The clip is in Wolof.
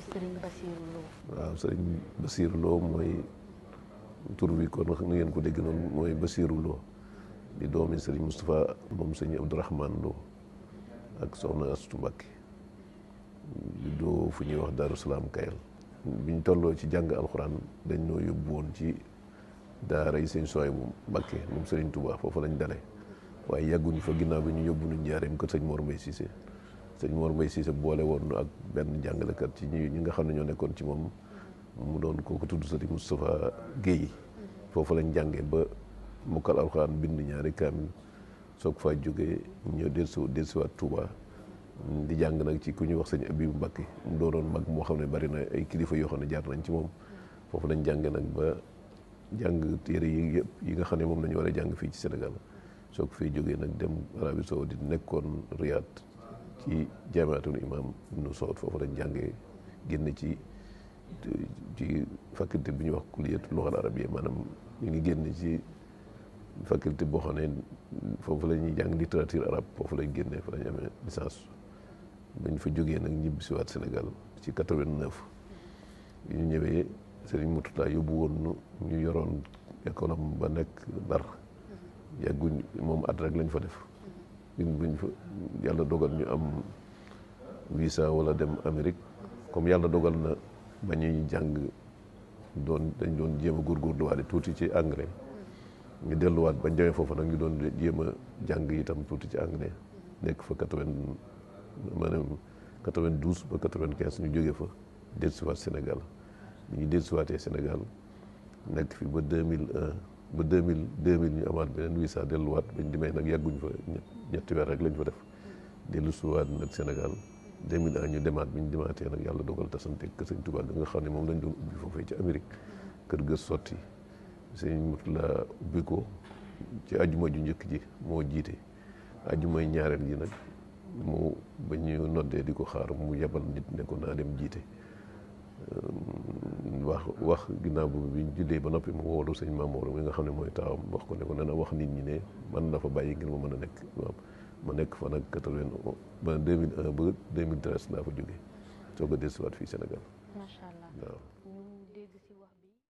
mooy Serigne Bassirou mooy tur kon wax na ngeen ko dégg noonu mooy Bassirou Lo di doomi Serigne Moustapha moom Serigne Abdourahmane Lo ak Soxna Astou Mbacké juddoo fu ñuy wax Darou Salaam Kayal biñ tolloo ci jàng alxuraan dañ noo yóbbu woon ci daara yi sëñ sooy bu moom Serigne tubaax foofu lañ dale waaye yàgguñu fa ginnaaw bi ñu yóbbu ñu njaareem kër sëñ Mor Mbaye Cissé sëñ Mor Mbaye Cissé boole woon ak benn jàngalekat ci ñi nga xam ne ñoo nekkoon ci moom mu doon kooku tudd sëriñ Moustapha Guèye foofu lañ jàngee ba mukkal alxuraan bind ñaari kaamil soog faa jógee ñëw delsi delsiwaat Touba di jàng nag ci ku ñuy wax sëñ Abibu Mbàkke mu doonoon mag moo xam ne bari na ay eh, kilifa yoo xam ne jaar nañ ci moom foofu lañ jàngee nag ba jàng téere yi yëpp yi nga xam ne moom war a jàng fii ci Sénégal soog fii jógee nag dem Arabie Saoudite nekkoon Riyad ci jamaatul imam nu Saoud foofu lañ jàngee génn ci ci faculté bi ñuy wax kulliyatu lughal arabiyya maanaam ñu ngi génn ci faculté boo xam ne foofu la ñuy jàng littérature arabe foofu lañ génnee fa lañ amee licence bañ fa jógee nag ñibbisiwaat Sénégal ci 89 ñu ñëwee Serigne Moutouta yóbbu woon ñu yoroon ba nekk mm-hmm. yàgguñ moom at rek lañ fa def buñ fa yàlla dogal ñu am visa wala dem Amérique comme yàlla dogal na ba ñuy jàng doon dañ doon jéem a góorgóorluwaale tuuti ci anglais ñu delluwaat bañ demee foofu nag ñu doon jéem a jàng itam tuuti ci anglais nekk fa quatre vingt maanaam quatre vingt douze ba quatre vingt quinze ñu jógee fa dellusiwaat Sénégal ñu Sénégal nekk fi ba deux mille un ba deux mille deux mille ñu amaat beneen visa delluwaat bañ demee nag yàgguñ fa ñetti weer rek lañ fa def dellu suwaat nag Sénégal deux mille un ñu demaat bi ñu demaatee nag yàlla dogal tasante kër sëñ Tuubaa nga xam ne moom lañ doon ubbi foofee ci Amérique kër ga sotti sëñ Murtala ubbi ko ci ajuma ju njëkk ji moo jiite ajumay ñaareel ji nag mu ba ñu noddee di ko xaar mu yebal nit ne ko naa dem jiite baax wax ginnaaw boobu bi ñu jullee ba noppi mu woolu sëñ Mamour mi nga xam ne mooy taawam wax ko ne ko nee wax nit ñi ne man la fa bàyyi ngir ma mën a nekk imaam ma nekk fa nag quatre-vingt ba deux mille un ba deux mille treize laa fa jógee soo ko dellusiwaat fii Sénégal macha allah